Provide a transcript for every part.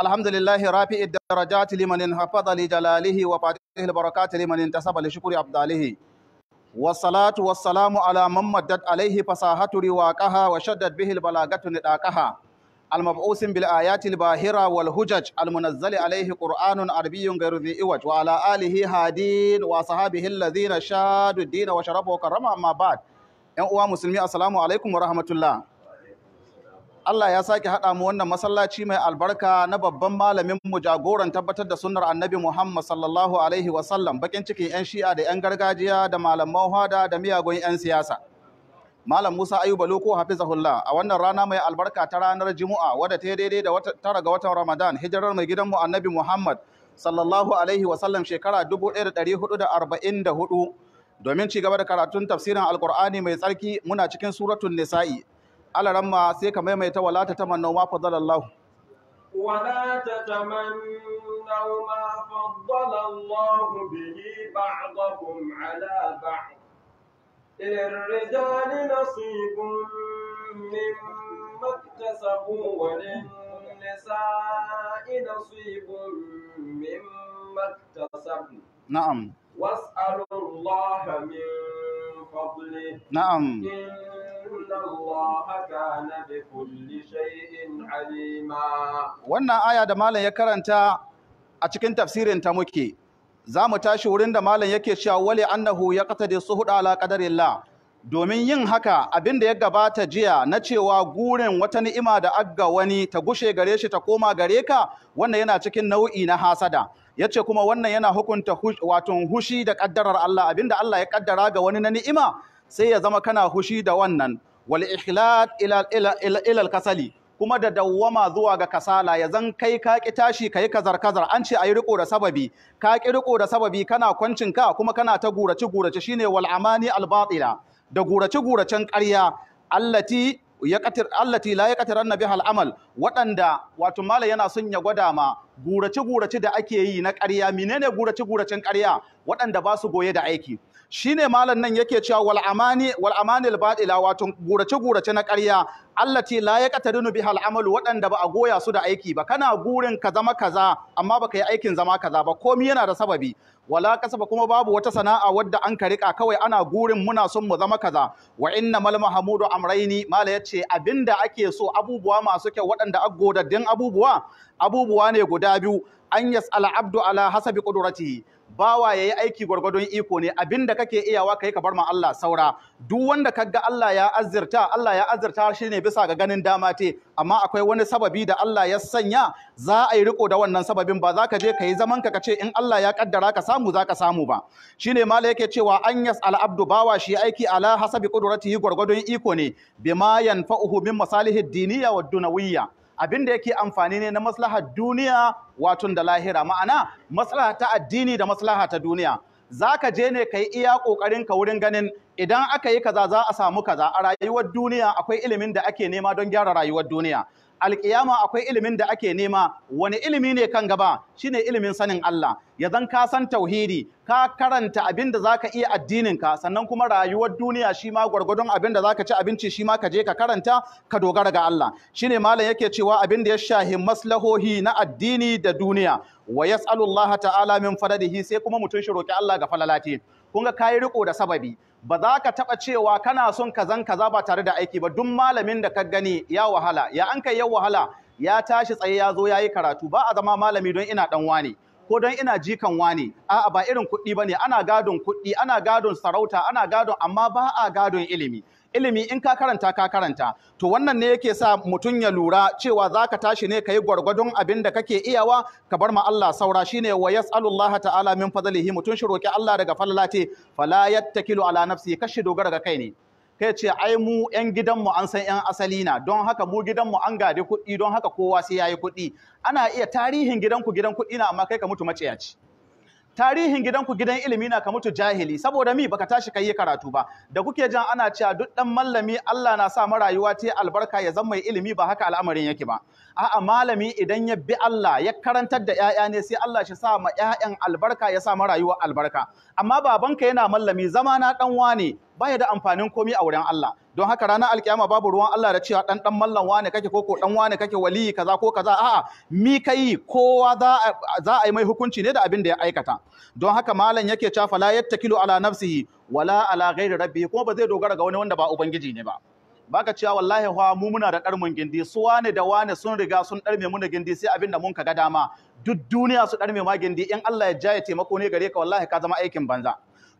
alhamdulillahi rafi'i darajati liman hafadha li jalalihi wa fatihi al barakati liman intasaba li shukri Wasalatu wassalatu wassalamu ala man maddat alayhi fasahatu riwaqaha wa shaddat bihil al balagatu nidaqaha al mab'usin bil ayati al bahira wal hujaj al munazzali alayhi qur'anun arabiyyun ghayru dhi iwaj alihi hadin wa sahabihi alladhina shadu ad-din wa sharabu wa karama ma ba'd ان اوا مسلمي السلام عليكم ورحمه الله Allah ya sake haɗa mu wannan masallaci mai albarka na babban malamin mu jagoran tabbatar da sunnar annabi Muhammad sallallahu alaihi wasallam bakin cikin 'yan shi'a da 'yan gargajiya da malaman hada da miyagun 'yan siyasa. Malam Musa Ayuba Loko Hafizahullah a wannan rana mai albarka ta ranar Juma'a wadda ta daidai da tara ga watan Ramadan hijirar mai gidanmu annabi Muhammad sallallahu alaihi wasallam shekara 1444 domin ci gaba da karatun tafsirin alkur'ani mai tsarki muna cikin suratun nisa'i alaramma sai ka maimaita wala ta tamannau ma fadalallahu ولا تتمنوا ما فضل الله به بعضكم على بعض للرجال نصيب مما اكتسبوا وللنساء نصيب مما اكتسبن نعم واسألوا الله من فضله نعم إن Wannan aya da malam ya karanta a cikin tafsirin ta muke. Za mu tashi wurin da malam yake cewa wale annahu ya su suhud ala qadarillah. Domin yin haka abin da ya gabata jiya na cewa gurin wata ni'ima da agga wani ta gushe gare shi ta koma gare ka wannan yana cikin nau'i na hasada. Ya ce kuma wannan yana hukunta wato hushi da ƙaddarar Allah Abin da Allah ya ƙaddara ga wani na ni'ima sai ya zama kana hushi da wannan wal ilal ila kasali kuma da dawwama zuwa ga kasala ya zan kai ka ki tashi ka yi kazar kazar an ce ayi riko da sababi ka ki riko da sababi kana kwancin ka kuma kana ta gurace gurace shine wal amani al batila da gurace guracen ƙarya allati yaqatir allati la yaqatiranna biha amal waɗanda wato mala yana son ya gwada ma gurace gurace da ake yi na ƙarya menene gurace guracen ƙarya waɗanda ba su goye da aiki Shi ne malam nan yake cewa wal amani wal amanil batila wato gurace gurace na ƙarya allati la yaqtadinu bi hal amalu waɗanda ba a goya su da aiki ba kana gurin ka zama kaza amma baka yi aikin zama kaza ba komai yana da sababi wala kasaba kuma babu wata sana'a wadda an karika kawai ana gurin muna son mu zama kaza wa inna mal mahmudu amraini mala yace abinda ake so abubuwa masu kyau wadanda waɗanda godaddin abubuwa abubuwa ne guda biyu an yas'al abdu ala hasabi qudratihi bawa ya yi aiki gwargwadon iko ne abin da kake iyawa ka yi ka bar ma Allah saura duk wanda ka ga Allah ya azirta Allah ya azirta shi ne bisa ga ganin dama te amma akwai wani sababi da Allah ya sanya za a yi riko da wannan sababin ba za ka je ka yi zaman ka ce in Allah ya kaddara ka samu za ka samu ba shine mala yake cewa an yas al abdu bawa shi aiki ala hasabi qudratihi gwargwadon iko ne bima yanfa'uhu min masalihi diniya wa dunawiyya abin da yake amfani ne na maslahar duniya watun da lahira ma'ana maslaha ta addini da maslaha ta duniya zaka je ne kai iya kokarin ka wurin ganin idan aka yi kaza za a samu kaza a rayuwar duniya akwai ilimin da ake nema don gyara rayuwar duniya alkiyama akwai ilimin da ake nema wani ilimi ne kan gaba shine ilimin sanin Allah ya zan ka san tauhidi ka karanta abin da zaka iya addinin ka sannan kuma rayuwar duniya shi ma gwargwadon abin da zaka ci abinci shi ma ka je ka karanta ka dogara ga Allah shine malam yake cewa abin da ya shahi maslahohi na addini da duniya wa yas'alullaha ta'ala min hi, sai kuma mutun shi roki Allah ga falalati kun ga kai riko da sababi ba za ka taɓa cewa kana son kazan kaza ba tare da aiki ba duk malamin da ka gani ya wahala ya an kai ya wahala ya tashi tsaye ya zo ya yi karatu ba a zama malami don ina ɗan wane ko don ina jikan wane a'a ba irin kuɗi ba ne ana gadon kuɗi ana gadon sarauta ana gadon amma ba a gadon ilimi ilimi in ka karanta ka karanta to wannan ne yake sa mutum ya lura cewa zaka tashi ne kai gwargwadon abin da kake iyawa ka bar ma Allah saura shine wa yas'alullaha ta'ala min fadlihi mutum shi roki Allah daga falalate fala yattakilu ala nafsi kashi dogara ga kai ne kai ce ai mu yan gidanmu an san yan asali na don haka mu gidanmu an gade kuɗi don haka kowa sai yayi kuɗi ana iya tarihin gidanku gidan kuɗi na amma kai ka mutu maciyaci tarihin gidanku gidan ilimi na ka mutu jahili saboda mi baka tashi kai karatu ba da kuke jan ana cewa duk dan mallami Allah na sa marayuwa ta albarka ya zama mai ilimi ba haka al'amarin yake ba a'a malami idan ya bi Allah ya karantar da ƴaƴa ne sai Allah shi sa ma ƴaƴan albarka ya sa marayuwa albarka amma babanka yana mallami zama na dan wane baya da amfanin komi a wurin Allah don haka rana alkiyama babu ruwan Allah da cewa dan dan mallan wane kake ko ko dan wane kake waliyi kaza ko kaza a'a mi kai kowa za za a yi mai hukunci ne da abin da ya aikata don haka malam yake cafa fala yattakilu ala nafsihi wala ala ghairi rabbi kuma ba zai dogara ga wani wanda ba ubangiji ne ba baka cewa wallahi huwa mu muna da darmin gindi su wane da wane sun riga sun darme mu da gindi sai abin da mun ka ga dama duk duniya su darme ma gindi in Allah ya ja ya taimako ne gare ka wallahi ka zama aikin banza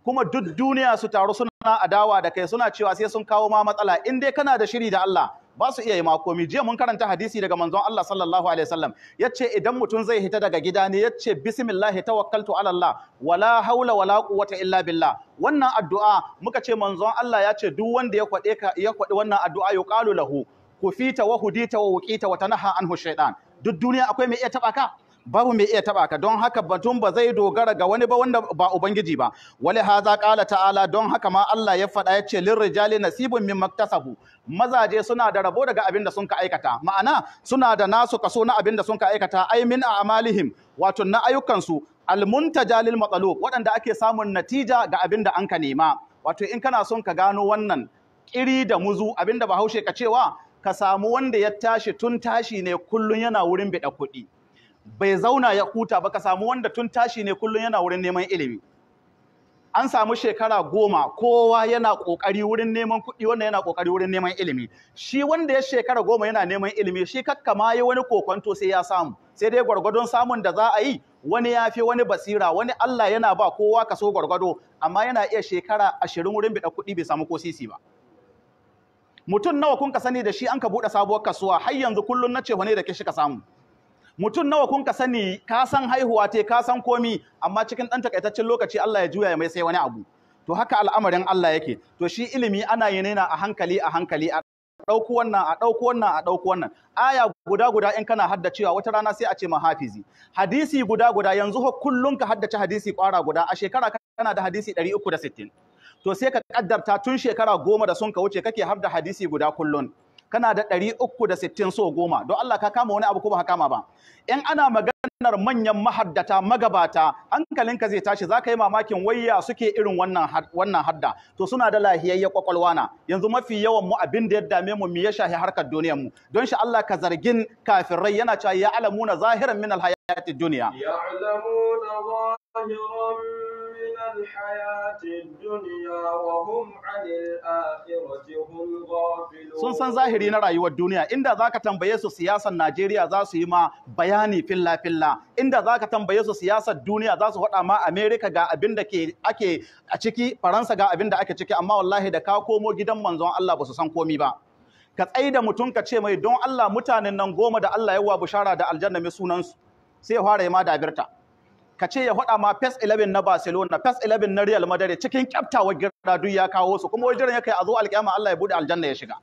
kuma duk duniya su taru suna adawa da kai suna cewa sai sun kawo ma matsala in dai kana da shiri da Allah ba su iya yi makomi jiya mun karanta hadisi daga manzon Allah sallallahu alaihi wasallam yace idan mutum zai hita daga gida ne yace bismillah tawakkaltu ala Allah wala haula wala quwwata illa billah wannan addu'a muka ce manzon Allah ya ce duk wanda ya kwade ya kwade wannan addu'a yuqalu lahu kufita wa hudita wa wuqita wa tanaha anhu shaytan duk duniya akwai mai iya taba ka babu mai iya taba ka don haka batun ba zai dogara ga wani ba wanda ba ubangiji ba wali haza qala ta'ala don haka ma Allah ya faɗa ya ce rijali nasibun min maktasabu mazaje suna da rabo daga abin da sun ka aikata ma'ana suna da nasu kaso na abin da sun ka aikata ai min a'malihim wato na ayyukansu almuntaja lil matsalub waɗanda ake samun natija ga abin da an ka nema wato in kana son ka gano wannan kiri da muzu abin da bahaushe ka cewa ka samu wanda ya tashi tun tashi ne kullun yana wurin biɗa kuɗi bai zauna ya huta ba ka samu wanda tun tashi ne kullum yana wurin neman ilimi an samu shekara goma kowa yana kokari wurin neman kuɗi wanda yana kokari wurin neman ilimi shi wanda ya shekara goma yana neman ilimi shi kakka ma yi wani kokonto sai ya samu sai dai gwargwadon samun da za a yi wani ya fi wani basira wani Allah yana ba kowa kaso gwargwado amma yana iya shekara ashirin wurin biɗa kuɗi bai samu ko sisi ba mutum nawa kun ka sani da shi an ka buɗe sabuwar kasuwa har yanzu kullum na ce wani da ke shi ka samu mutum nawa kun ka sani ka san haihuwa te ka san komi amma cikin ɗan takaitaccen lokaci Allah ya juya ya mai sai wani abu to haka al'amarin Allah yake to shi ilimi ana yin a hankali a hankali a ɗauko wannan a ɗauko wannan a ɗauko wannan aya guda guda in kana haddacewa wata rana sai a ce ma hadisi guda guda yanzu ho kullun ka haddace hadisi kwara guda a shekara kana da hadisi 360 to sai ka kaddarta tun shekara goma da sun ka wuce kake har da hadisi guda kullun kana da ɗari uku da sittin so goma don Allah ka kama wani abu ko ba kama ba in ana maganar manyan mahaddata magabata hankalinka zai tashi za ka yi mamakin wayya suke irin wannan hadda to suna da lahiyayya kwakwalwa na yanzu mafi yawan mu abin da ya dame mu me ya shahi harkar duniyar mu don shi Allah ka zargin kafirai yana cewa ya alamuna zahiran min alhayatid dunya ya'lamuna zahiran الحياة الدنيا وهم عن الآخرة هم غافلون sun san zahiri na rayuwar duniya inda zaka tambaye su siyasar Najeriya za su yi ma bayani filla filla inda zaka tambaye su siyasar duniya za su faɗa ma America ga abin da ke ake a ciki Faransa ga abin da ake ciki amma wallahi da ka komo gidan manzon Allah ba su san komi ba ka tsai da mutum ka ce mai don Allah mutanen nan goma da Allah ya wa bishara da aljanna mai sunansu sai ya fara yi ma dabirta ka ce ya faɗa ma fes 11 na Barcelona fes 11 na Real Madrid cikin kyaftawar girda duk ya kawo su kuma wajen ya kai a zo alƙiyama Allah ya buɗe aljanna ya shiga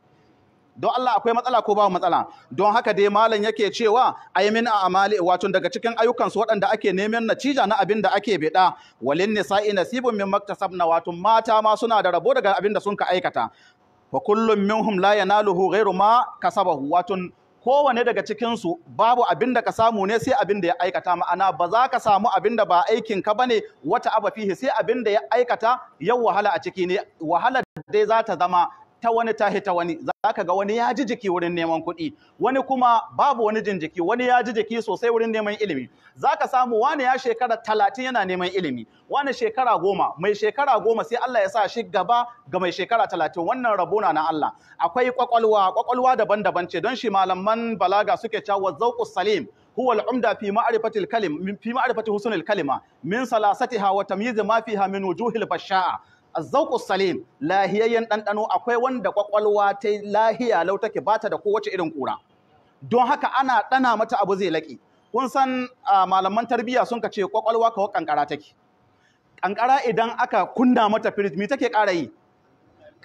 don Allah akwai matsala ko babu matsala don haka dai malam yake cewa min a amali wato daga cikin ayyukansu su waɗanda ake neman natija na abin da ake beda walin nisa'i nasibun min maktasabna wato mata ma suna da rabo daga abin da sun ka aikata fa kullum minhum la yanaluhu ghairu ma kasabahu wato kowane daga cikinsu babu abin da ka samu ne sai abin da ya aikata ma'ana ba za ka samu abin da ba aikin ka bane wata aba sai abin da ya aikata yau wahala a ciki ne wahala dai za ta zama ta wani ta hita wani za ka ga wani ya ji jiki wurin neman kuɗi wani kuma babu wani jin jiki wani ya ji jiki sosai wurin neman ilimi za ka samu wani ya shekara talatin yana neman ilimi wani shekara goma mai shekara goma sai Allah ya sa shi gaba ga mai shekara talatin wannan rabona na Allah akwai kwakwalwa kwakwalwa daban-daban ce don shi malaman balaga suke cewa zauqus salim هو العمدة في معرفة الكلم في معرفة حسن الكلمة من سلاستها وتمييز ما فيها من وجوه البشاعة azzauqus salim lahiyayyen ɗanɗano akwai wanda kwakwalwa ta lahiya lau take bata da kowace irin kura don haka ana ɗana mata abu zai laƙi kun san malaman tarbiyya sun ka ce kwakwalwa kawai kankara take Ƙanƙara idan aka kunna mata firit me take ƙara yi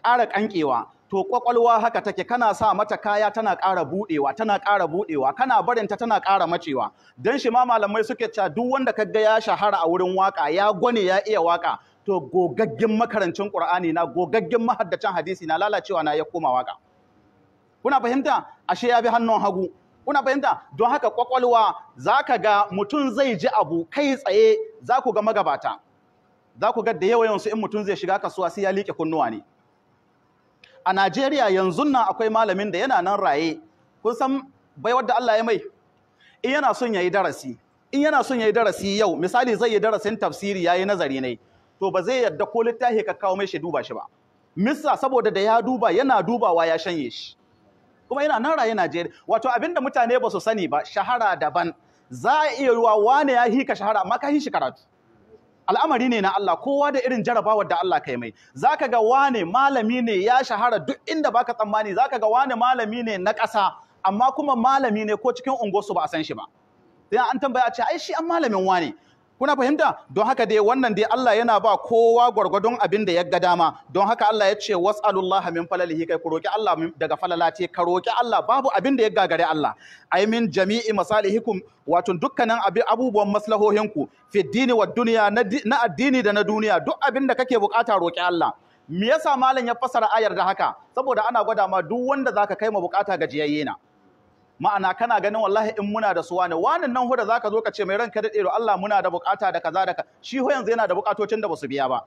ƙara kankewa to kwakwalwa haka take kana sa mata kaya tana ƙara buɗewa tana ƙara buɗewa kana barin ta tana ƙara macewa dan shi ma malamai suke cewa duk wanda kaga ya shahara a wurin waka ya gwane ya iya waka to gogaggen makarancin ƙur'ani na gogaggen mahaddacin hadisi na lalacewa na ya koma waka kuna fahimta ashe ya bi hannun hagu kuna fahimta don haka kwakwalwa ka ga mutum zai ji abu kai tsaye za ku ga magabata za ku ga da yawa yansu in mutum zai shiga kasuwa sai ya liƙe kunnuwa ne a Najeriya yanzu nan akwai malamin da yana nan raye kun san bai wadda Allah ya mai in yana son ya yi darasi in yana son ya yi darasi yau misali zai yi darasin tafsiri Ya yi nazari ne to ba zai yarda ko littafi ka kawo mai shi duba shi ba Misa saboda da ya duba yana dubawa ya shanye shi kuma yana nan raye Najeriya wato abinda mutane ba su sani ba shahara daban za a iya ruwa wane ya hika shahara amma ka yi shi karatu al'amari ne na Allah kowa da irin jarabawar da Allah kai mai zaka ga wane malami ne ya shahara duk inda baka tsammani zaka ga wane malami ne na ƙasa amma kuma malami ne ko cikin unguwarsu ba a san shi ba sai an tambaya a ce ai shi an malamin wane kuna fahimta don haka dai wannan dai Allah yana ba kowa gwargwadon abin da ya ga dama don haka Allah ya ce was'alullaha min falalihi kai ku roki Allah daga falalati ka roki Allah babu abin da ya gagare Allah ai min jami'i masalihikum wato dukkanin abubuwan maslahohinku fi dini wa duniya na addini da na duniya duk abin da kake bukata roki Allah me yasa malam ya fasara ayar da haka saboda ana gwada ma duk wanda zaka kai ma bukata gajiyayye na ma'ana kana ganin wallahi in muna da su wane wanan nan huda zaka zo ka ce mai ranka dade do Allah muna da bukata da kaza da ka shi ho yanzu yana da bukatocin da basu biya ba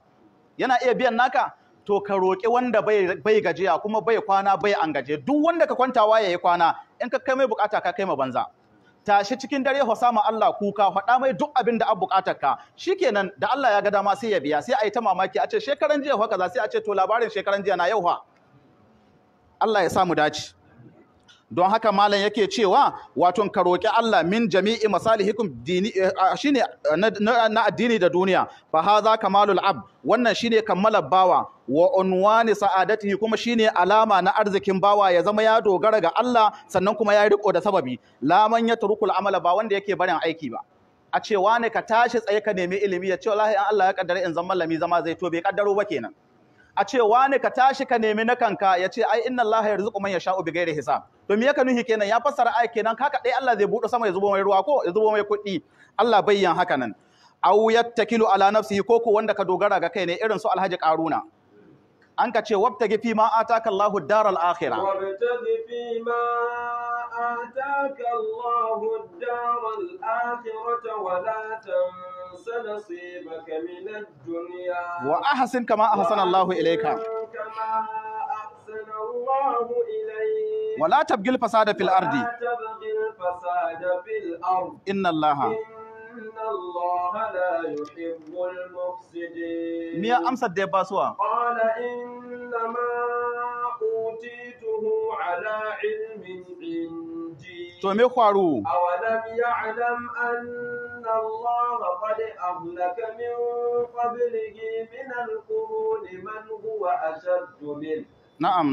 yana iya biyan naka to ka roƙi wanda bai bai gajiya kuma bai kwana bai angaje. duk wanda ka kwantawa yayi kwana in ka kai mai bukata ka kai ma banza tashi cikin dare hosama Allah kuka faɗa mai duk abin da an bukatar ka shikenan da Allah ya ga dama sai ya biya sai a ta mamaki a ce shekaran jiya fa kaza sai a ce to labarin shekaran jiya na yau fa Allah ya samu dace don haka malam yake cewa wato ka roƙi Allah min jami'i masalihikum dini eh, shine eh, na addini da duniya fa hadha kamalul ab wannan shine kammalar bawa wa unwani sa'adatihi kuma shine alama na arzikin bawa ya zama ya dogara ga Allah sannan kuma ya riko da sababi la man yatrukul amala ba wanda yake barin aiki ba a cewa ne ka tashi tsaye ka nemi ilimi ya ce wallahi an Allah ya kaddara in zama lami zama zai to bai kaddaro ba kenan a ce wani ka tashi ka nemi na kanka ya ce ai inna Allah yarzuqu man yasha'u bi ghairi hisab to me yake nuhi kenan ya fassara ai kenan haka dai Allah zai buɗe sama ya zubo mai ruwa ko ya zubo mai kuɗi Allah bayyana haka nan aw yattakilu ala nafsihi ko ko wanda ka dogara ga kai ne irin su Alhaji Karuna an ka ce wabtagi fi ma ataka Allahu daral akhirah wabtagi fi ma ataka Allahu daral akhirah wa la tam wa ahasin kama ahasan Allah ilaika wala tabgil fasada fil ardi inna Allah Miya amsar da ya basuwa? Ƙwala inna ma على علم عندي أولم يعلم أن الله قد أهلك من قبله من القرون من هو أشد منه na'am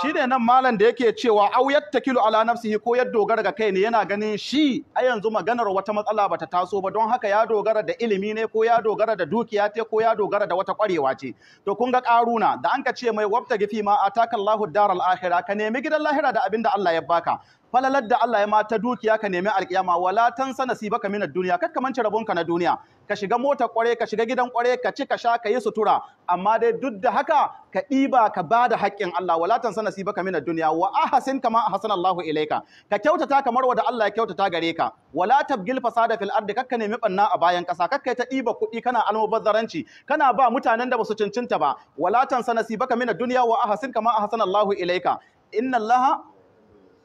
shi ne nan منه da yake cewa au yattakilu ala nafsihi ko yadda dogara ga kai ne yana ganin shi a yanzu maganar wata matsala bata taso ba don haka ya dogara da ilimi ne ko ya dogara da dukiya ce ko ya dogara da wata kwarewa ce to kun ga karuna da an ka ce mai wabta gifi ma a Allahu daral akhirah ka nemi gidan lahira da abin da Allah ya baka falalar da Allah ya ma ta dukiya ka nemi alkiyama wala tansa nasibaka min ad-dunya kar ka mance ka na duniya ka shiga mota kware ka shiga gidan kware ka ci ka sha ka yi sutura amma dai duk da haka ka ɗiba ka bada haƙƙin Allah wala tansa nasibaka min ad duniya. wa ahsin kama ahsana Allahu ilaika ka kyautata kamar wanda Allah ya kyautata gare ka wala tabgil fasada fil ardi kakka nemi banna a bayan ƙasa kakka ta ɗiba kuɗi kana almubazzaranci kana ba mutanen da basu cincinta ba wala tansa nasibaka min ad duniya. wa ahsin kama ahsana ilaika inna Allah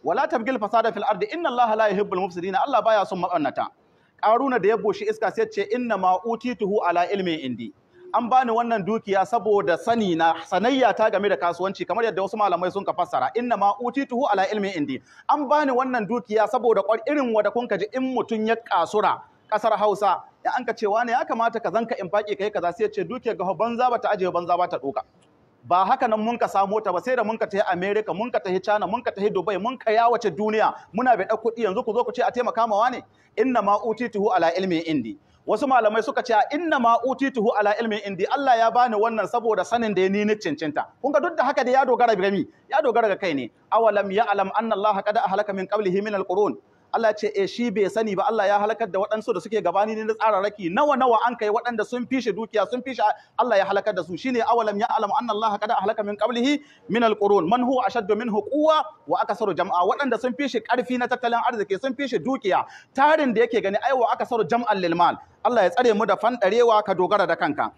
wala tabgil fasada fil ardi inna allaha la yuhibbul mufsidina allah baya son mabannata karuna da ya boshi iska sai ce inna ma utituhu ala ilmi indi an bani wannan dukiya saboda sani na sanayya ta game da kasuwanci kamar yadda wasu malamai sun ka fassara inna ma utituhu ala ilmi indi an bani wannan dukiya saboda kwar irin wada kun ji in mutun ya kasura kasar Hausa in anka cewa ne, ya kamata ka zanka in faki kai kaza sai ya ce dukiyar ga banza bata ajiye banza bata doka ba haka nan mun ka samo ta ba sai da mun ka tafi America mun ka tafi China mun ka tafi Dubai mun ka yawace duniya muna bai da kuɗi yanzu ku zo ku ce a taimaka ma wane inna ma utituhu ala ilmi indi wasu malamai suka ce inna ma utituhu ala ilmi indi Allah ya bani wannan saboda sanin da ni ni cincinta kun ga duk da haka da ya dogara ga ya dogara ga kai ne awalam ya alam anna Allah qad ahlaka min qablihi min alqurun Allah ce eh shi bai sani ba Allah ya halakar da waɗansu da suke gabani ne na tsararraki nawa nawa an kai waɗanda sun fishe dukiya sun fishe Allah ya halakar da su shine awalam ya alam anna Allah kada halaka min qablihi min alqurun man huwa ashaddu minhu quwwa wa aksaru jam'a waɗanda sun fishe ƙarfi na tattalin arziki sun fishe dukiya tarin da yake gani aiwa aksaru jam'an lil mal Allah ya tsare mu da fanɗarewa ka dogara da kanka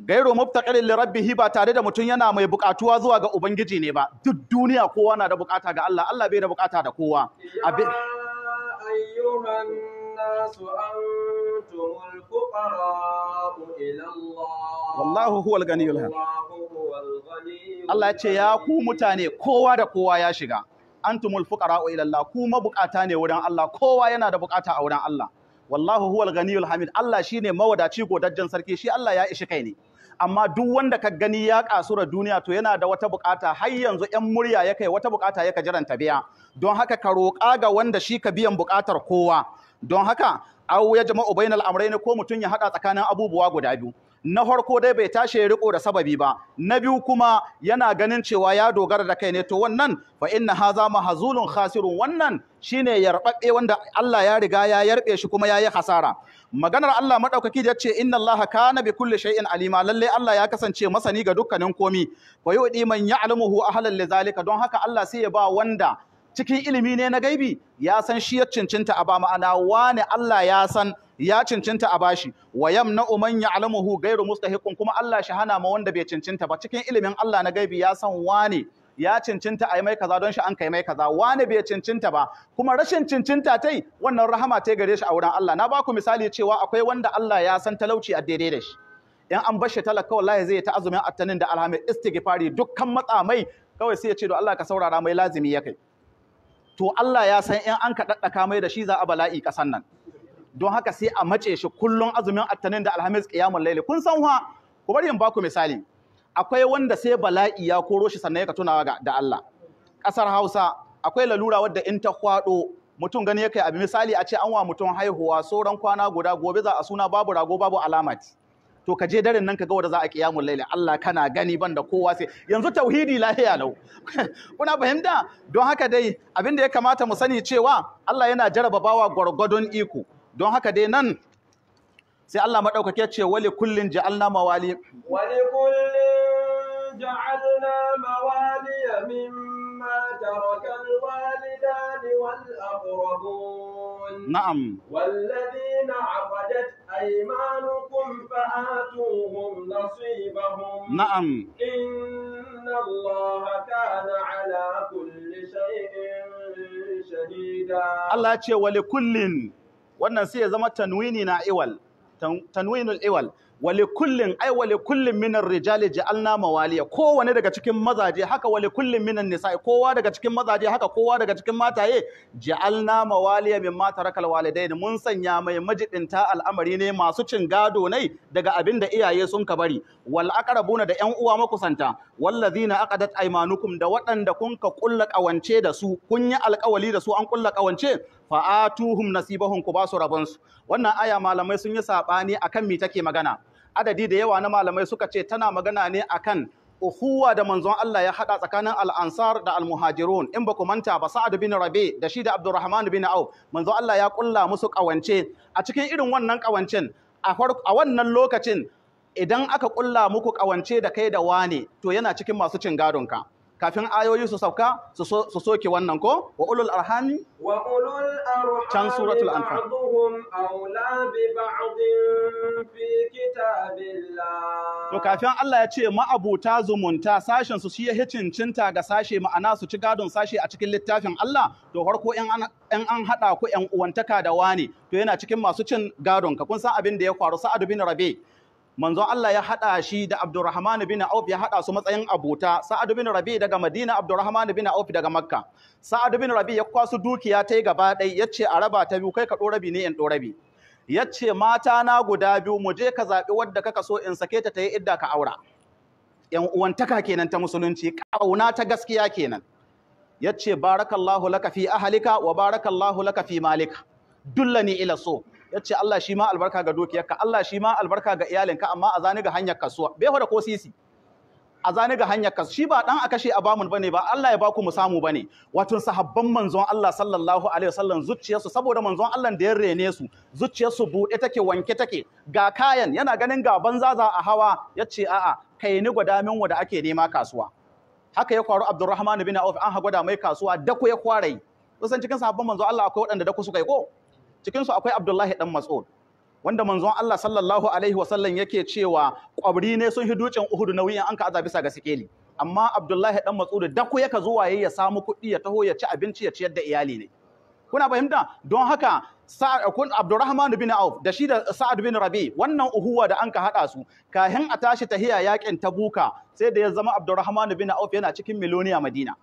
gairo mubtaqilin li rabbih ba tare da mutum yana mai bukatuwa zuwa ga ubangiji ne ba duk duniya kowa na da bukata ga Allah Allah bai da bukata da kowa abin ayyuhan nasu antumul fuqara'u ila Allah wallahu huwal ganiyul hamid Allah ya ce ya ku mutane kowa da kowa ya shiga antumul fuqara ila Allah kuma buƙata ne wurin Allah kowa yana da bukata a wurin Allah wallahu huwal ganiyul hamid Allah shine mawadaci godajjen sarki shi Allah ya ishi kai ne amma duk wanda ka gani ya kasura duniya to yana da wata bukata har yanzu yan murya ya kai wata bukata ya ka jiranta biya don haka ka roƙa ga wanda shi ka biyan bukatar kowa don haka aw ya jama'u bainal amrayn ko mutun ya hada tsakanin abubuwa guda biyu na farko dai bai tashi ya riko da sababi ba na biyu kuma yana ganin cewa ya dogara da kai ne to wannan fa inna haza mahzulun khasirun wannan shine yarbabbe wanda Allah ya riga ya yarbe shi kuma yayi hasara maganar Allah madaukaki da ce inna Allah kana bi kulli shay'in alima lalle Allah ya kasance masani ga dukkanin komi fa yudi man ya'lamuhu ahlan li zalika don haka Allah sai ya ba wanda cikin ilimi ne na gaibi ya san shi ya cincinta a ba ma'ana wane Allah ya san ya cincinta a bashi wa yamna'u man ya'lamuhu ghairu mustahiqun kuma Allah shi hana ma wanda bai cincinta ba cikin ilimin Allah na gaibi ya san wane ya cincinta a yi mai kaza don shi an kai mai kaza wani bai cincinta ba kuma rashin cincinta ta wannan rahama ta gare shi a wurin Allah na baku misali cewa akwai wanda Allah ya san talauci a daidai da shi in an bar shi talaka wallahi zai ta azumin attanin da alhamis istighfari dukkan matsa mai kawai sai ya ce do Allah ka saurara mai lazimi ya kai to Allah ya san in an ka daddaka mai da shi za a bala'i kasan nan don haka sai a mace shi kullum azumin attanin da alhamis kiyamun laili kun san wa ku bari in baku misali akwai wanda sai bala'i ya koro shi sannan ya tunawa da Allah kasar Hausa akwai lalura wadda in ta kwado mutum gani yake Abin misali a ce an wa mutum haihuwa sauran kwana guda gobe za a suna babu rago babu alamati to ka je daren nan ka ga wanda za a kiyamun laili Allah kana gani ban da kowa sai yanzu tauhidi lahiya lau kuna fahimta don haka dai abin da ya kamata mu sani cewa Allah yana jarrabawa bawa iko don haka dai nan sai Allah maɗaukake ce wali kullin ja'alna mawali wali kullin ja'alna mawali mimma tarakal walidani wal aqrabun na'am walladina aqadat aymanukum fa'atuhum nasibahum na'am inna allaha kana ala kulli shay'in shadida Allah ce wali kullin wannan sai ya zama tanwini na iwal tanwinul iwal wali kullin ai wali kullin minan rijali ja'alna mawaliya kowane daga cikin mazaje haka wali kullin minan nisa'i kowa daga cikin mazaje haka kowa daga cikin mataye ja'alna mawaliya min mata rakal walidain mun sanya mai majidinta al'amari ne masu cin gado ne daga abin da iyaye sun ka bari wal aqrabuna da ƴan uwa makusanta wallazina aqadat aymanukum da waɗanda kun ka kulla kawance da su kun yi alƙawari da su an kulla kawance fa'atuhum nasibahum ku basu rabon su wannan aya malamai sun yi sabani akan me take magana adadi da yawa na malamai suka ce tana magana ne akan uhuwa da manzon Allah ya haɗa tsakanin al-ansar da al-muhajirun in ba ku manta ba sa'ad bin rabi da shi da abdurrahman bin au manzon Allah ya kulla musu kawance a cikin irin wannan kawancen a wannan lokacin idan aka kulla muku kawance da kai da wane to yana cikin masu cin gadon ka kafin ayoyi su sauka su soke wannan ko wa ulul arhami wa ulul arhami can suratul anfal ba'dhum aula bi ba'dhin fi kitabillah to kafin Allah ya ce ma'abuta zumunta sashen su shi ya hicincinta ga sashe ma'ana su ci gadon sashe a cikin littafin Allah to farko in an an hada ku yan uwantaka da wani to yana cikin masu cin gadon ka kun san abin da ya faru Sa'ad bin Rabi' manzon Allah ya hada shi da Abdurrahman bin Auf ya hada su matsayin abota Sa'ad bin Rabi daga Madina Abdurrahman bin Auf daga Makka Sa'ad bin Rabi ya kwasu dukiya ta gaba ɗaya yace a raba ta biyu kai ka dorabi ne in dorabi yace mata na guda biyu mu je ka zabi wadda kaka so in sake ta yi idda ka aura yan uwantaka kenan ta musulunci kauna ta gaskiya kenan yace barakallahu laka fi ahlika wa barakallahu laka fi malika dullani ila so ya ce Allah shi ma albarka ga dukiyarka Allah shi ma albarka ga iyalinka amma a zani ga hanyar kasuwa bai da ko sisi a zani ga hanyar kasuwa shi ba dan a kashe a bamu bane ba Allah ya baku mu samu bane wato sahabban manzon Allah sallallahu alaihi wasallam zuciyarsu saboda manzon Allah da ya rene su zuciyarsu bude take wanke take ga kayan yana ganin ga banzaza a hawa yace a'a kai ni wa wanda ake nema kasuwa haka ya kwaru Abdurrahman bin Auf an ha gwada mai kasuwa da ku ya kwarai kusan cikin sahabban manzon Allah akwai waɗanda da ku suka yi ko Cikinsu su akwai Abdullahi dan Mas'ud wanda manzon Allah sallallahu alaihi wasallam yake cewa kwabri ne sun hiducin Uhud nauyin an ka azabi sa ga sikeli amma Abdullahi dan Mas'ud daku yaka zuwa yayi ya samu kuɗi ya taho ya ci abinci ya ciyar da iyali ne kuna fahimta don haka kun Abdurrahman bin Auf da shi da Sa'ad bin Rabi wannan uhuwa da anka hada su kahin a tashi tahiya yakin Tabuka sai da ya zama Abdurrahman bin Auf yana cikin miloniya Madina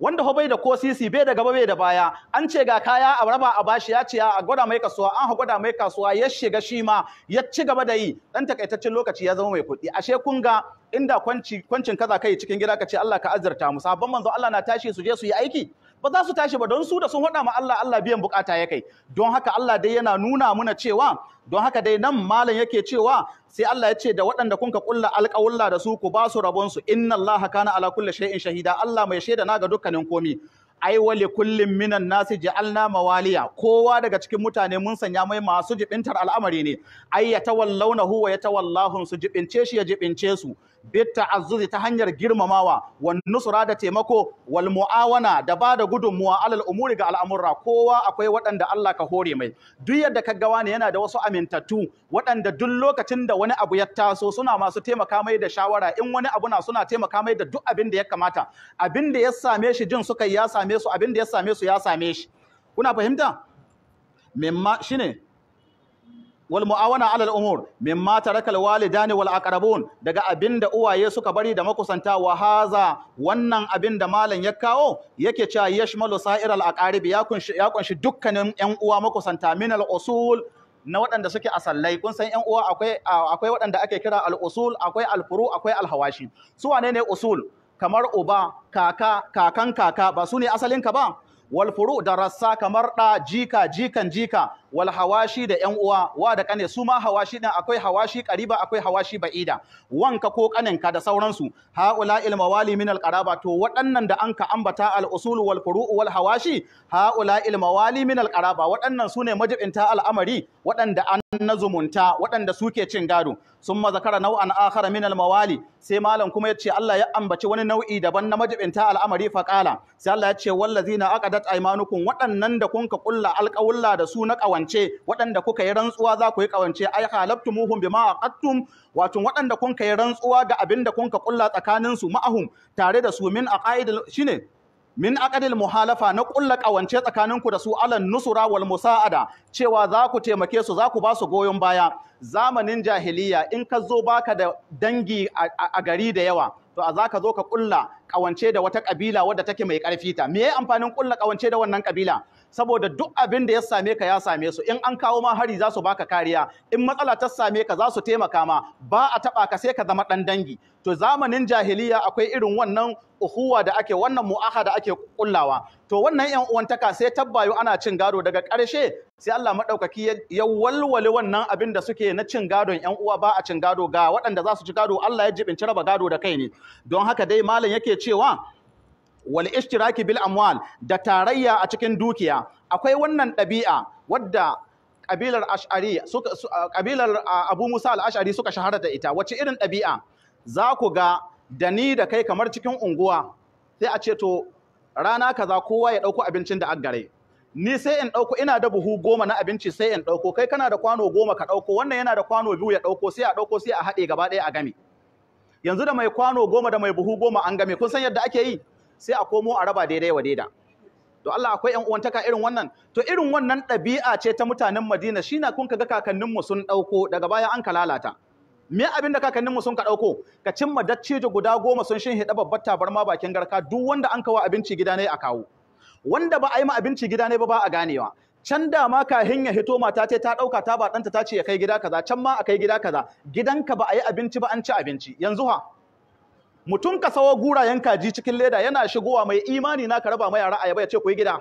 wanda ho bai da ko sisi bai da gaba bai da baya an ce ga kaya a raba a bashi ya ce a gwada mai kasuwa an gwada mai kasuwa ya shiga shi ma ya ci gaba da yi dan takaitaccen lokaci ya zama mai kuɗi ashe kun ga inda kwanci kwancin kaza kai cikin gida ka ce Allah ka azurta mu sabon manzo Allah na tashi su je su yi aiki ba za su tashi ba don su da sun hada ma Allah Allah biyan bukata ya kai don haka Allah dai yana nuna muna cewa don haka dai nan malam yake cewa sai Allah ya ce da waɗanda kun ka kulla alƙawulla da su ku ba su rabon su inna Allah kana ala kulli shay'in shahida Allah mai shaida na ga dukkanin komi ai wali kullin minan nasi ja'alna mawaliya kowa daga cikin mutane mun sanya mai masu jibintar al'amari ne ai ya huwa wa ya tawallahun su jibince shi ya jibince su bitta azzuzi ta hanyar girmamawa wan nusra da taimako wal muawana da bada gudunmuwa alal umuri ga al'amurra kowa akwai waɗanda Allah ka hore mai duk yadda ka ga wani yana da wasu amintattu waɗanda duk lokacin da wani abu ya taso suna masu taimaka mai da shawara in wani abu na suna taimaka mai da duk abin da ya kamata abin da ya same shi jin suka ya same su abin da ya same su ya same shi kuna fahimta mimma shine Walmu'awana mu'awana alal umur mimma tarakal walidani wal aqrabun daga abinda uwaye suka bari da makusanta wa haza wannan abinda malam ya kawo yake cewa yashmalu sa'iral aqaribi ya kunshi ya kunshi dukkanin ƴan uwa makusanta min al usul na waɗanda suke asallai kun san ƴan uwa akwai akwai waɗanda ake kira al usul akwai al furu akwai al hawashi su wane ne usul kamar uba kaka kakan kaka ba su ne asalinka ba wal furu da rassa kamar ɗa jika jikan jika wal hawashi da ƴan uwa wa da kane su ma hawashi din akwai hawashi qariba akwai hawashi ba'ida wanka ko kaninka da sauransu haula il mawali min al qaraba to waɗannan da anka ambata al usul wal furu wal hawashi haula il mawali min al qaraba waɗannan sune majibinta al'amari waɗanda an nazumunta waɗanda suke cin gado sun mazakara nau'an akhara min al mawali sai malam kuma yace Allah ya ambaci wani nau'i daban na majibinta al'amari faƙala. sai Allah yace wallazina aqadat aymanukum waɗannan da kunka kulla alƙawulla da su na ƙawan waɗanda kuka yi rantsuwa za ku yi kawance ai halabtumuhum bima aqattum wato waɗanda kun yi rantsuwa ga abin da kun ka kulla tsakanin su ma'ahum tare da su min aqaidil shine min aqdil muhalafa na ƙulla kawance tsakaninku da su alan nusura wal musaada cewa za ku taimake su za ku ba su goyon baya zamanin jahiliya in ka zo baka da dangi a gari da yawa to a zaka zo ka ƙulla ƙawance da wata kabila wadda take mai karfi ta me amfanin ƙulla kawance da wannan ƙabila? saboda duk abin da ya same ka ya same su in an kawo ma hari za su baka kariya in matsala ta same ka za su taimaka ma ba a taba ka sai ka zama dan dangi to zamanin jahiliya akwai irin wannan uhuwa da ake wannan mu'aha da ake kullawa to wannan yan uwantaka sai tabbayo ana cin gado daga ƙarshe sai Allah madaukaki ya walwale wannan abin da suke na cin gadon yan uwa ba a cin gado ga waɗanda za su ci gado Allah ya jibinci raba gado da kai ne don haka dai malam yake cewa wal ishtiraki bil amwal da tarayya a cikin dukiya akwai wannan ɗabi'a wadda kabilar ash'ari suka kabilar Abu Musa al-Ash'ari suka shahara da ita wace irin ɗabi'a za ku ga da ni da kai kamar cikin unguwa sai a ce to rana kaza kowa ya ɗauko abincin da aggare ni sai in ɗauko ina da buhu goma na abinci sai in ɗauko kai kana da kwano goma ka ɗauko wannan yana da kwano biyu ya ɗauko sai a ɗauko sai a haɗe gaba ɗaya a game yanzu da mai kwano goma da mai buhu goma an game kun san yadda ake yi sai a komo a raba daidai wa daida to Allah akwai ƴan uwantaka irin wannan to irin wannan ɗabi'a ce ta mutanen Madina shi na kun kaga kakanninmu sun ɗauko daga baya an kalalata me abin da kakanninmu sun ka ɗauko ka cimma dattijo guda goma sun shin hida babbar tabarma bakin garka duk wanda an kawo abinci gida ne a kawo wanda ba a yi ma abinci gida ne ba ba a ganewa can da ma ka hinya hito mata ce ta ɗauka ta ba ɗanta ta ce ya kai gida kaza can ma a kai gida kaza gidanka ba a yi abinci ba an ci abinci yanzu ha mutum ka sawo gurayen kaji cikin leda yana shigowa mai imani na ka raba mai yara ayaba ya ce ku yi gida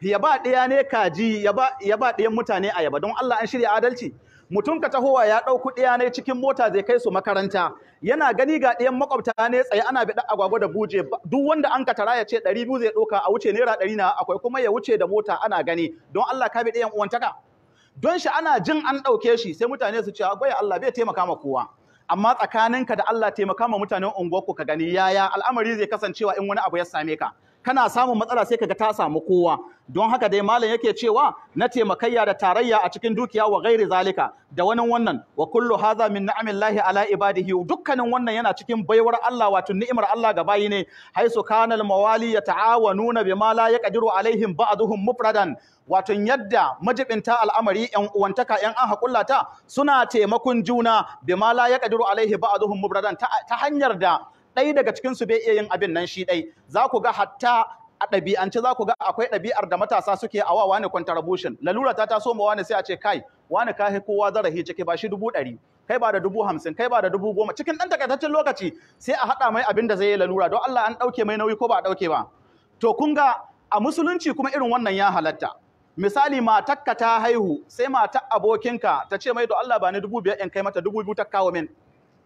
ya ba ɗaya ne kaji ya ba ɗayan mutane ayaba don Allah an shirya adalci mutum ka tahowa ya ɗauku ɗaya ne cikin mota zai kai su makaranta yana gani ga ɗayan makwabta ne tsaye ana biɗa agwagwa da buje duk wanda an ka tara ya ce ɗari biyu zai ɗauka a wuce naira ɗari na akwai kuma ya wuce da mota ana gani don Allah ka bi ɗayan uwantaka don shi ana jin an ɗauke shi sai mutane su ce agwaya Allah bai taimaka ma kowa amma tsakaninka da Allah taimaka ma mutanen unguwarku ka gani yaya al'amari zai kasancewa in wani abu ya same ka kana samun matsala sai kaga ta samu kowa don haka dai malam yake cewa na taimakayya da tarayya a cikin dukiya wa gairi zalika da wani wannan wa kullu hadha min ni'amillahi ala ibadihi dukkanin wannan yana cikin baiwar Allah wato ni'imar Allah ga bayi ne haisu kana al-mawali yata'awanuna bima la yaqdiru alaihim ba'duhum mufradan wato yadda majibinta al'amari yan uwantaka yan an hakullata suna taimakon juna bima la yaqdiru alaihi ba'duhum mufradan ta hanyar da ɗaya daga cikin su bai iya yin abin nan shi ɗai za ku ga hatta a ɗabi'ance za ku ga akwai ɗabi'ar da matasa suke a wa wani contribution lalura ta taso ma wani sai a ce kai wani kahi kowa zarafi ciki ba shi dubu ɗari kai ba da dubu hamsin kai ba da dubu goma cikin ɗan takaitaccen lokaci sai a haɗa mai abin da zai yi lalura don Allah an ɗauke mai nauyi ko ba a ɗauke ba to kun ga a musulunci kuma irin wannan ya halatta misali matakka ta haihu sai mata abokinka ta ce mai do Allah ba ni dubu biyar in kai mata dubu biyu ta kawo min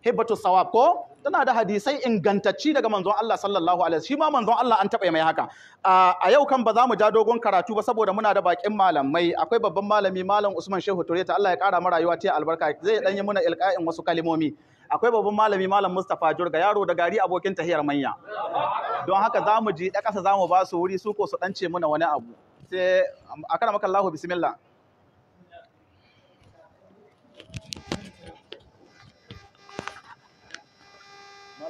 hibbatu sawab ko tana da hadisai ingantacci daga manzon Allah sallallahu alaihi wasallam shi ma manzon Allah an taba mai haka a yau kan ba za mu ja dogon karatu ba saboda muna da bakin malamai akwai babban malami malam Usman Shehu Ture ta Allah ya kara mu rayuwa ta albarka zai dan yi muna ilqa'in wasu kalimomi akwai babban malami malam Mustapha Jurga yaro da gari abokin tahiyar manya don haka za mu ji da ƙasa za mu ba su wuri su ko su dan ce muna wani abu sai akara maka Allahu bismillah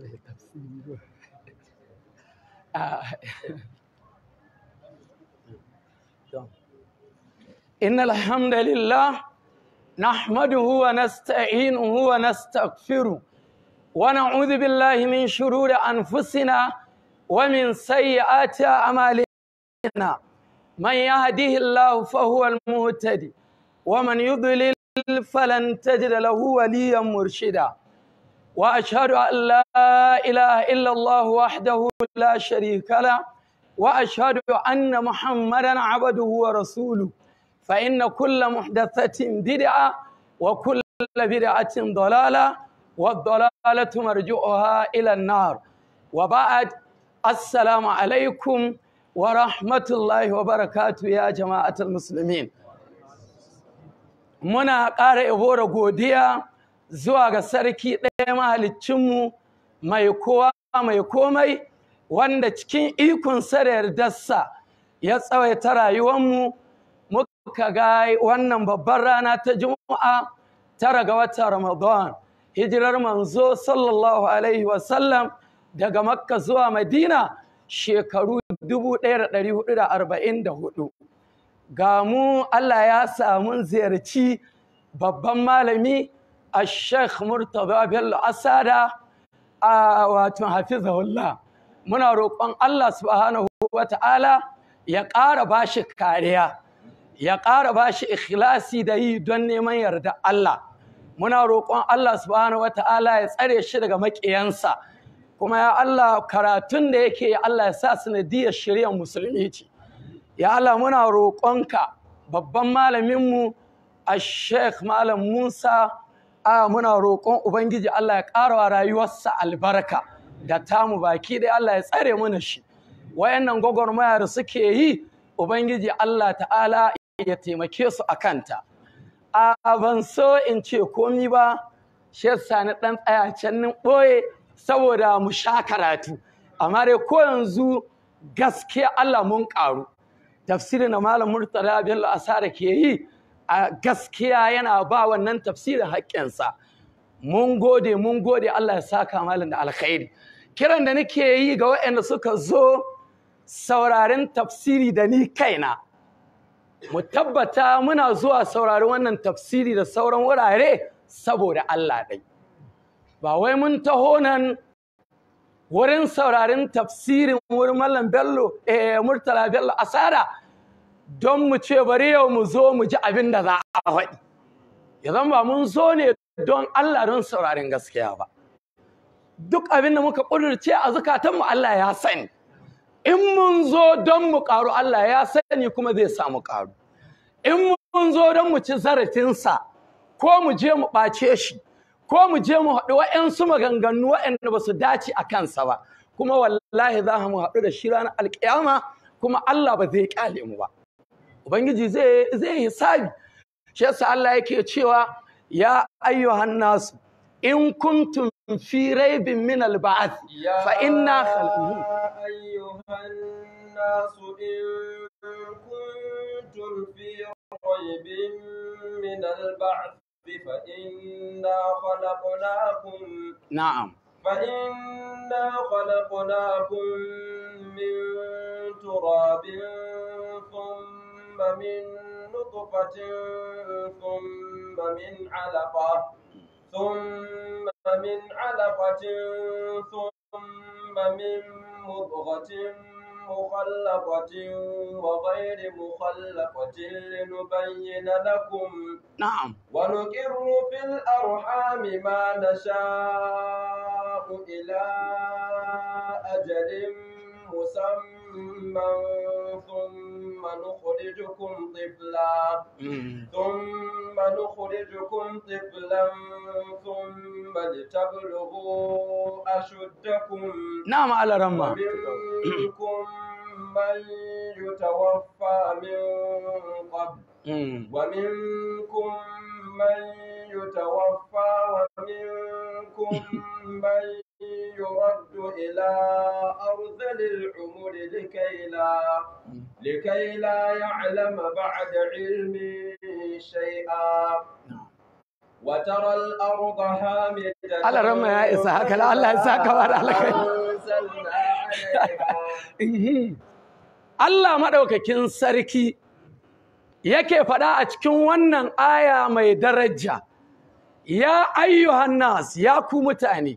tafsiru إن الحمد لله نحمده ونستعينه ونستغفره ونعوذ بالله من شرور أنفسنا ومن سيئات أعمالنا من يهده الله فهو المهتدي ومن يضلل فلن تجد له وليا مرشدا وأشهد أن لا إله إلا الله وحده لا شريك له وأشهد أن محمدا عبده ورسوله فإن كل محدثة بدعة وكل بدعة ضلالة والضلالة مرجعها إلى النار وبعد السلام عليكم ورحمة الله وبركاته يا جماعة المسلمين muna ƙara ibora godiya zuwa ga sarki ɗaya mahaliccinmu mai kowa mai komai wanda cikin ikon sare yardarsa ya tsawaita rayuwanmu muka ga wannan babbar rana ta juma'a tara ga watan ramadan hijirar manzo sallallahu alaihi wasallam daga makka zuwa madina shekaru 1444 ga mu allah ya samu ziyarci babban malami a sheikh murtaba bello asada a wato hafizahullah muna roƙon allah subhanahu wa ta'ala ya ƙara ba shi kariya ya ƙara ba shi ikhlasi da yi don neman yarda allah muna roƙon allah subhanahu wa ta'ala ya tsare shi daga maƙiyansa kuma ya allah karatun da yake ya allah ya sa sanadiyar shirya musulmi ce ya allah muna roƙonka babban malaminmu a sheikh malam musa A'a muna roƙon ubangiji Allah ya ƙarawa rayuwarsa albarka da tamu baki dai Allah ya tsare mana shi wayannan gwagwarmaya da suke yi ubangiji Allah ta'ala ya taimake su a kanta a ban so in ce komi ba shi ya na ɗan tsaya can nin ɓoye saboda mu sha karatu amma dai ko yanzu gaskiya Allah mun ƙaru tafsirin da malam Murtala Bello Asara ke yi a gaskiya yana ba wannan tafsirin haƙƙinsa mun gode mun gode Allah ya saka malin da alkhairi kiran da nake yi ga waɗanda suka zo sauraren tafsiri da ni kaina mu tabbata muna zuwa saurari wannan tafsiri da sauran wurare saboda Allah ɗai ba wai mun taho nan wurin saurarin tafsirin wurin Mallam Bello eh Murtala Bello Asara don mu ce bari yau mu zo mu ji abin da za a faɗi ya zama mun zo ne don Allah don saurarin gaskiya ba duk abin da muka ƙudurce a zukatanmu Allah ya sani in mun zo don mu ƙaru Allah ya sani kuma zai samu ƙaru in mun zo don mu ci zarafinsa ko mu je mu ɓace shi ko mu je mu haɗu wa'yansu maganganu wa'yanda ba su dace a kansa ba kuma wallahi za mu haɗu da shi ranar alƙiyama kuma Allah ba zai ƙyale mu ba ubangiji zai zai hisabi shi yasa Allah yake cewa ya ayyuhan nas in kuntum fi raibin min al-ba'th fa inna Ya ayyuhan nas in kuntum fi raibin min al-ba'th fa inna khalaqnakum na'am فإنا خلقناكم من تراب ثم من نطفة ثم من علقة ثم من علقة ثم من مضغة مخلقة وغير مخلقة لنبين لكم نعم ونقر في الأرحام ما نشاء إلى أجل مسمى ثم ثم نخرجكم طفلا ثم نخرجكم طفلا ثم لتبلغوا أشدكم نعم على رمى ومنكم من يتوفى من قبل ومنكم من يتوفى ومنكم من يرد إلى أرذل العمر لكي لا لكي لا يعلم بعد علم شيئا وترى الأرض هامدة على رمى يا إسحاق لا الله إسحاق على خير Allah maɗaukakin sarki yake faɗa a cikin wannan aya mai daraja, Ya ayyuhan nas, ya ku mutane,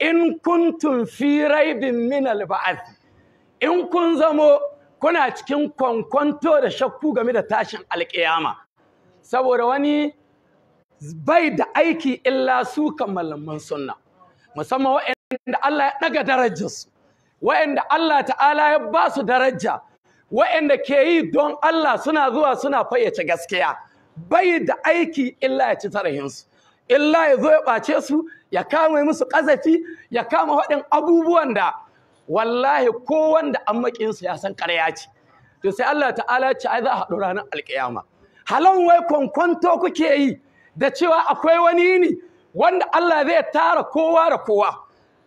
in kun tunfi raibin min alba'ath in kun zamo kuna cikin kwankwanto da shakku game da tashin alkiyama. saboda wani bai da aiki illa su malaman sunna musamman wa'anda Allah ya daga darajarsu wa'anda Allah ta'ala ya ba su daraja wa'anda ke yi don Allah suna zuwa suna fayyace gaskiya bai da aiki illa ya ci tarihinsu illa ya zo ya ɓace su ya kama musu ƙazafi ya kama haɗin abubuwan da wallahi ko wanda an maƙinsa ya san ƙarya ce to sai Allah ta'ala ce ai za a haɗu ranar alƙiyama halan wai kwankwanto kuke yi da cewa akwai wani ne? wanda Allah zai tara kowa da kowa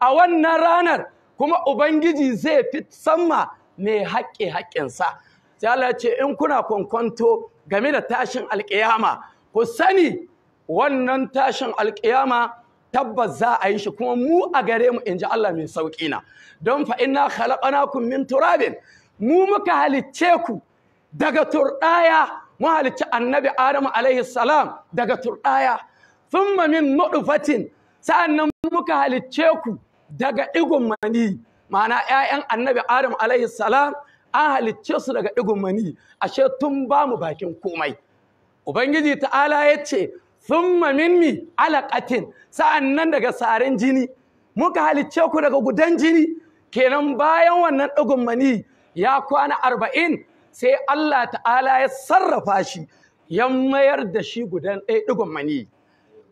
a wannan ranar kuma Ubangiji zai fi sama mai haƙƙi haƙƙinsa. Sai Allah ce in kuna kwankwanto game da tashin alƙiyama, ku sani wannan tashin alƙiyama tabbas za a yi shi kuma mu a gare mu ji Allah mai sauƙi na don fa inna kun min turabin mu muka halicce ku daga turɗaya mu halicci annabi Adamu alaihi salam daga turɗaya thumma min nutfatin sa'annan muka halicce ku daga digon mani ma'ana ƴaƴan annabi Adamu alaihi salam an halicce su daga digon mani ashe tun ba mu bakin komai ubangiji ta'ala ya ce. thumma minni alaqatin nan daga sarin jini muka halicce ku daga gudan jini kenan bayan wannan ɗigon mani ya kwana arba'in sai Allah ta'ala ya sarrafa shi ya mayar da shi gudan eh, mani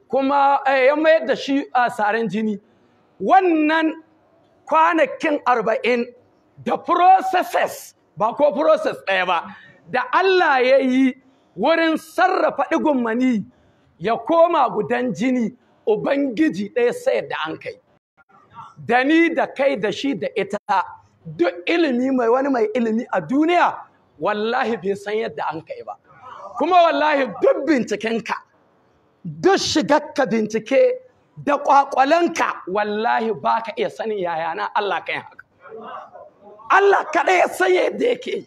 kuma eh, ya mayar da shi a sarin jini wannan kwanakin arba'in da processes ba ko process ɗaya ba da Allah ya yi wurin sarrafa ɗigon mani ya koma gudan jini ubangiji ɗaya sayar da an kai da ni da kai da shi da ita duk ilimi mai wani mai ilimi a duniya wallahi bai san yadda an kai ba kuma wallahi duk bincikenka duk shigarka bincike da kwakwalenka wallahi ba ka iya sanin yayana Allah kan haka Allah kaɗai ya san yadda yake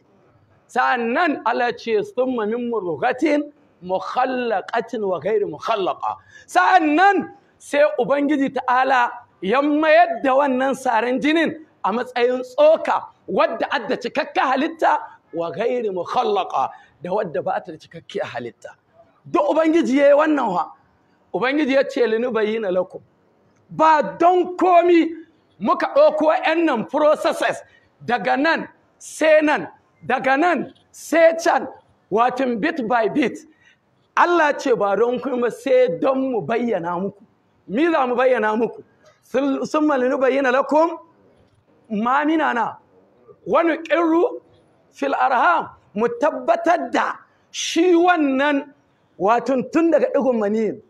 nan Allah ce sun mamin murugatin mukhallaqatin wa ghairi mukhallaqa sa'annan sai ubangiji ta'ala ya mayar da wannan saran jinin a matsayin tsoka wadda adda cikakka halitta wa ghairi mukhallaqa da wadda ba ta cikakkiya halitta duk ubangiji yayi wannan wa ubangiji ya ce lini bayyana lakum ba don komi muka ɗauko yannan nan processes daga nan sai nan daga nan sai can watin bit by bit Allah ce ba don kuma sai don mu bayyana muku mi za mu bayyana muku sun malinu bayyana lakum ma na wani ƙirru fil arham mu tabbatar da shi wannan watuntun tun daga ɗigon maniyin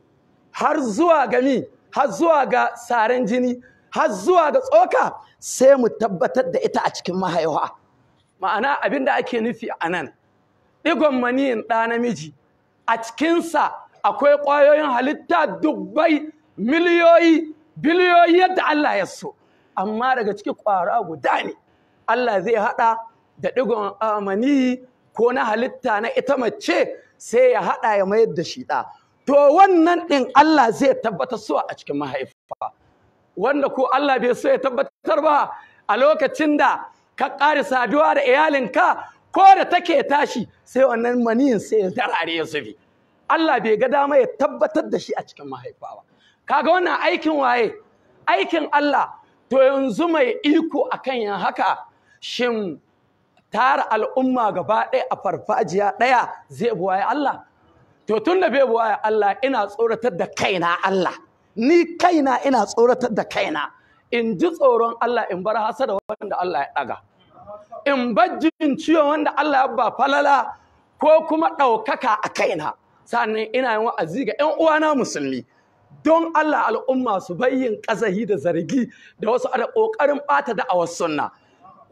har zuwa ga mi har zuwa ga saran jini har zuwa ga tsoka sai mu tabbatar da ita a cikin mahaifa ma'ana abin da ake nufi a nan ɗigon maniyin ɗa namiji a cikinsa akwai ƙwayoyin halitta dubbai miliyoyi biliyoyi yadda Allah ya so amma daga ciki ƙwara guda ne Allah zai haɗa da ɗigon amani ko na halitta na ita mace sai ya haɗa ya mayar da shi to wannan ɗin Allah zai tabbatar so a cikin mahaifa wanda ko Allah bai so ya tabbatar ba a lokacin da ka ƙare saduwa da iyalinka ko da take tashi sai wannan maniyin sai ya darare ya zubi Allah bai ga dama ya tabbatar da shi a cikin mahaifa ba kaga wannan aikin waye aikin Allah to yanzu mai iko akan yin haka shin tara al'umma gaba ɗaya a farfajiya ɗaya zai waye Allah to tun da bai waye Allah ina tsoratar da kaina Allah ni kaina ina tsoratar da kaina in ji tsoron Allah in bar da wanda Allah ya ɗaga in bajin ciwo wanda Allah ya ba falala ko kuma ɗaukaka a kaina sannan ina yin wa'azi ga 'yan uwana musulmi don Allah al'umma su bayyin ƙazahi da zargi da wasu a ƙoƙarin ɓata da'awar sunna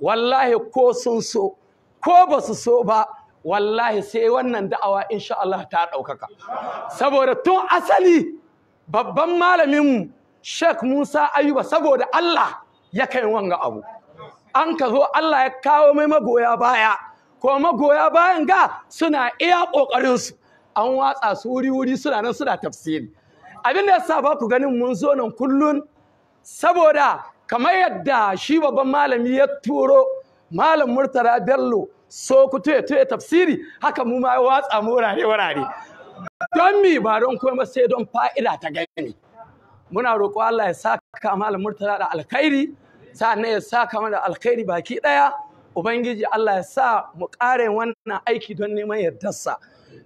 wallahi ko sun so ko ba su so ba wallahi sai wannan da'awa insha Allah ta ɗaukaka saboda tun asali babban malaminmu Sheikh Musa Ayuba saboda Allah ya kai wanga abu an ka zo Allah ya kawo mai magoya baya ko magoya bayan ga suna iya ƙoƙarinsu an watsa su wuri-wuri suna nan suna tafsiri abin da yasa ba ku ganin mun zo nan kullun saboda kamar yadda shi babban malami ya turo malam murtala bello so ku tuye tuye tafsiri haka mu ma watsa mu wurare wurare don mi ba don kuma sai don fa'ida ta gani muna roƙo Allah ya saka malam murtala da alkhairi sa'annan ya sa kamar da alkhairi baki daya ubangiji Allah ya sa mu kare wannan aiki don neman yardarsa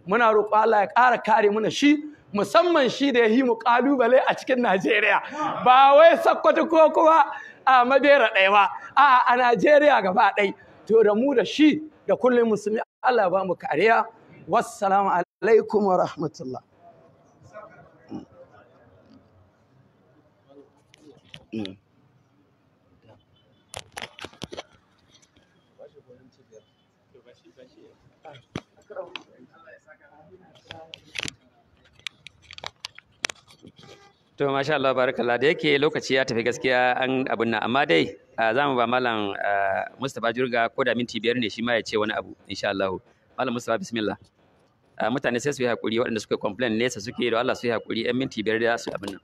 muna roƙo Allah ya ƙara kare mana shi musamman shi da ya yi mu ƙalubale a cikin Najeriya ba wai sakkwato ko kuma a mabera ɗaya ba a a Najeriya gaba ɗai to da mu da shi da kullum musulmi Allah ba mu kariya wassalamu alaikum wa rahmatullah Mm. mm. to masha Allah barakallah da yake lokaci ya tafi gaskiya an abun nan amma dai za mu ba malam Mustapha Jurga ko da minti biyar ne shi ma ya ce wani abu insha Allah malam Mustapha bismillah mutane sai su yi hakuri waɗanda suka complain nesa suke da Allah su yi hakuri 'yan minti biyar da su abin nan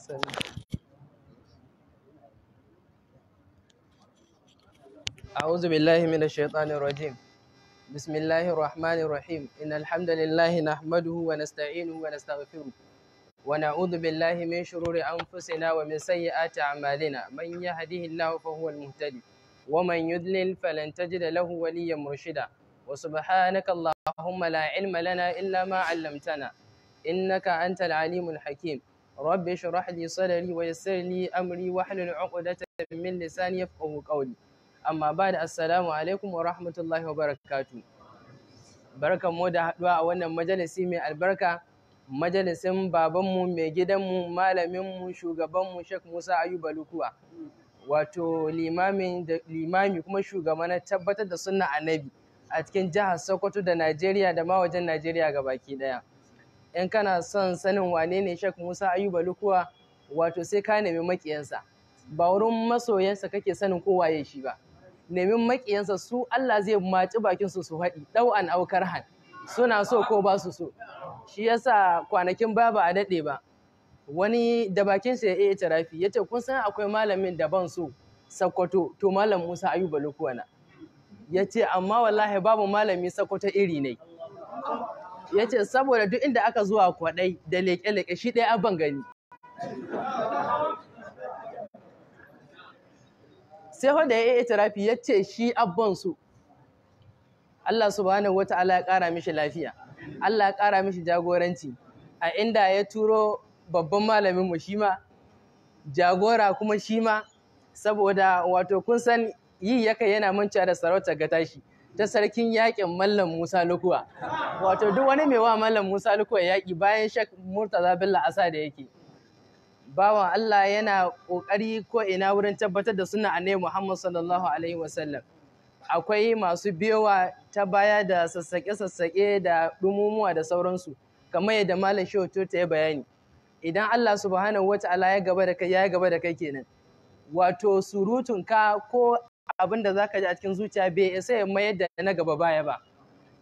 asali a'udhu billahi minash shaitanir rajim bismillahir rahmanir rahim innal hamdalillahi nahmaduhu wa nasta'inuhu wa nastaghfiruh wa na'udhu billahi min shururi anfusina wa min sayyiati a'malina man yahdihillahu fa huwa al-muhtadi wa man yudlil falan da lahu waliyyan murshida wa subhanaka allahumma la ilma lana illa ma 'allamtana innaka antal 'alimul hakim رب اشرح لي صدري ويسر لي أمري واحلل عقدة من لساني يفقه قولي amma ba da assalamu alaikum wa rahmatullahi wa barakatu barkan mu da haɗuwa a wannan majalisi mai albarka majalisin babanmu mai gidanmu malaminmu shugabanmu shek musa ayuba lukuwa wato limami kuma shugaban na tabbatar da sunna annabi a cikin jihar sokoto da najeriya da ma wajen najeriya ga baki ɗaya in kana son sanin wane ne Sheikh Musa Ayuba Lukuwa wato sai ka nemi makiyansa ba wurin masoyansa kake sanin ko waye shi ba nemin makiyansa su Allah zai maci bakin su su haɗi an aukar han suna so ko ba su so shi yasa kwanakin ba a daɗe ba wani da bakin sa ya tarafi ya ce kun san akwai malamin da ban so sakkwato to malam Musa Ayuba Lukuwa na ya ce amma wallahi babu malami sakkwato iri ne ya ce saboda duk inda aka zuwa kwaɗai da leke-leke shi ɗaya abin gani sai wanda ya yi itirafi ya ce shi abin su Allah subhanahu wa ta'ala ya ƙara mishi lafiya Allah ya ƙara mishi jagoranci a inda ya turo babban malamin mu shi ma jagora kuma shi ma saboda wato kun san yi yaka yana manca da sarauta ga tashi ta sarkin yakin Mallam Musa Lukuwa. Wato duk wani mai wa Mallam Musa Lukuwa yaƙi bayan shek Murtaza Bello Asa da yake. Bawan Allah yana ƙoƙari ko ina wurin tabbatar da suna annabi Muhammad sallallahu alaihi wasallam. Akwai masu biyowa ta baya da sassaƙe-sassaƙe da ɗumumuwa da sauransu, kamar yadda Malam Shehu ta ya bayani. Idan Allah subhanahu wa ta'ala ya gaba da kai kenan. Wato surutun ka ko abin da zaka ji a cikin zuciya bai isa ya mayar da na gaba baya ba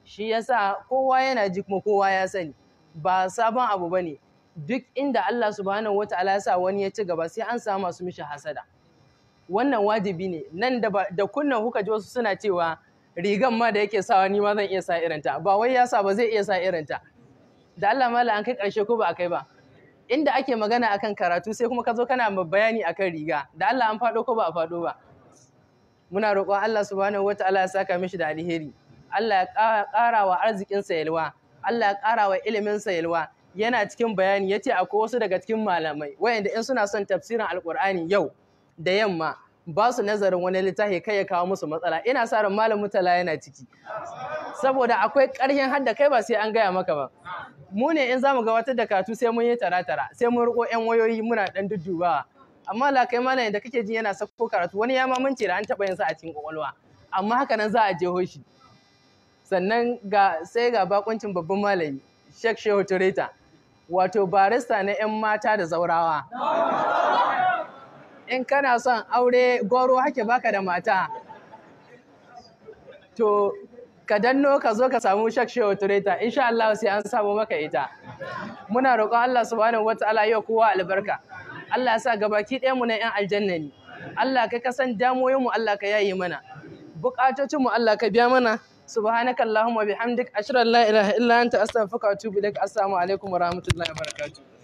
shi yasa kowa yana ji kuma kowa ya sani ba sabon abu ba ne. duk inda Allah subhanahu Ta'ala ya sa wani ya ci gaba sai an samu masu mishi hasada wannan wajibi ne nan da da kuka ji wasu suna cewa rigan ma da yake sawa ni ma zan iya sa irinta ba wai ya sa ba zai iya sa irinta da Allah mala an kai karshe ko ba a kai ba inda ake magana akan karatu sai kuma ka zo kana bayani akan riga da Allah an faɗo ko ba a faɗo ba muna roƙon Allah subhanahu ta'ala ya saka mishi da alheri Allah ya ƙara wa arzikinsa yalwa Allah ya ƙara wa iliminsa yalwa yana cikin bayani ya ce akwai wasu daga cikin malamai wayanda in suna son tafsirin alƙur'ani yau da yamma ba su nazarin wani littafi kai ya kawo musu matsala ina sa ran malam mutala yana ciki saboda akwai ƙarhin hadda kai ba sai an gaya maka ba mu ne in zamu ga wata dakatu sai mun yi taratara. sai mun riƙo yan wayoyi muna dan duddubawa amma la kai malam da kake jin yana sako karatu wani ya ce da an taba yin sa a cikin kwakwalwa amma haka nan za a je shi sannan ga sai ga bakuncin babban malami Sheikh Shehu Tureta wato barista na 'yan mata da zaurawa in kana son aure goro hake baka da mata to ka danno ka zo ka samu Sheikh Shehu Tureta insha Allah sai an samu maka ita muna roƙon Allah subhanahu wataala yau kowa albarka Allah ya sa gabaki ɗaya mu na yan aljanna ne Allah ka kasan damoyin mu Allah ka yayi mana buƙatocin mu Allah ka biya mana subhanaka allahumma bihamdik ashhadu an la ilaha illa anta astaghfiruka wa atubu ilaik assalamu alaikum wa rahmatullahi wa barakatuh